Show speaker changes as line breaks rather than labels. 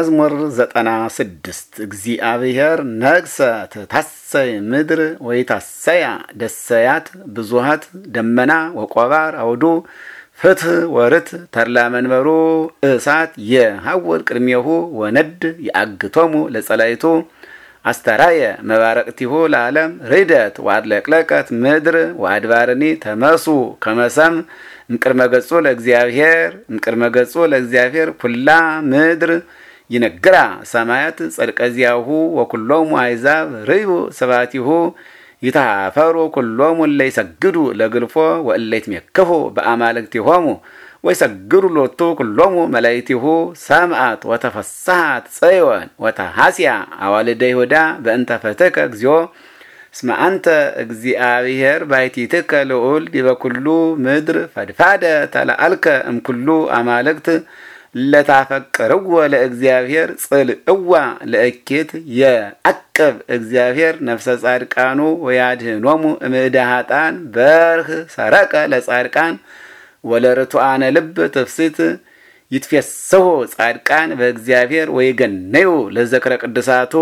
መዝሙር ዘጠና ስድስት እግዚአብሔር ነግሰ ትታሰይ ምድር ወይታሰያ ደሰያት ብዙሃት ደመና ወቆባር አውዱ ፍትህ ወርት ተርላ መንበሩ እሳት የሐውር ቅድሜሁ ወነድ የአግቶሙ ለጸላይቱ አስተራየ መባረቅቲሁ ለዓለም ርደት ዋድለቅለቀት ምድር ዋድባርኒ ተመሱ ከመሰም እምቅድመ ገጹ ለእግዚአብሔር እምቅድመ ገጹ ለእግዚአብሔር ኩላ ምድር ይነግራ ሰማያት ጸድቀ ዚያሁ ወኩሎሙ አይዛብ ርእዩ ስብሐቲሁ ይትሃፈሩ ኩሎሙ እለ ይሰግዱ ለግልፎ ወእለ ይትሜክሁ በአማልክቲሆሙ ወይሰግዱ ሎቱ ኩሎሙ መላእክቲሁ ሰምአት ወተፈሳሃት ጽዮን ወተሃስያ አዋልደ ይሁዳ በእንተ ፈትከ እግዚኦ እስመ አንተ እግዚአብሔር ባሕቲትከ ልዑል ዲበ ኩሉ ምድር ፈድፋደ ተለአልከ እምኩሉ አማልክት ለታፈቅርዎ ለእግዚአብሔር ጽልእዋ ለእኬት የአቅብ እግዚአብሔር ነፍሰ ጻድቃኑ ወያድህኖሙ እምእደ ኃጣን በርህ ሰረቀ ለጻድቃን ወለርቱዓነ ልብ ትፍሲት ይትፌሰሁ ጻድቃን በእግዚአብሔር ወይገነዩ ለዘክረ ቅድሳቱ